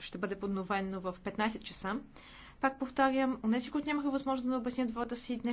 ще бъде подновено в 15 часа. Пак повтарям, нези, които нямаха възможност да обяснят вода си днес,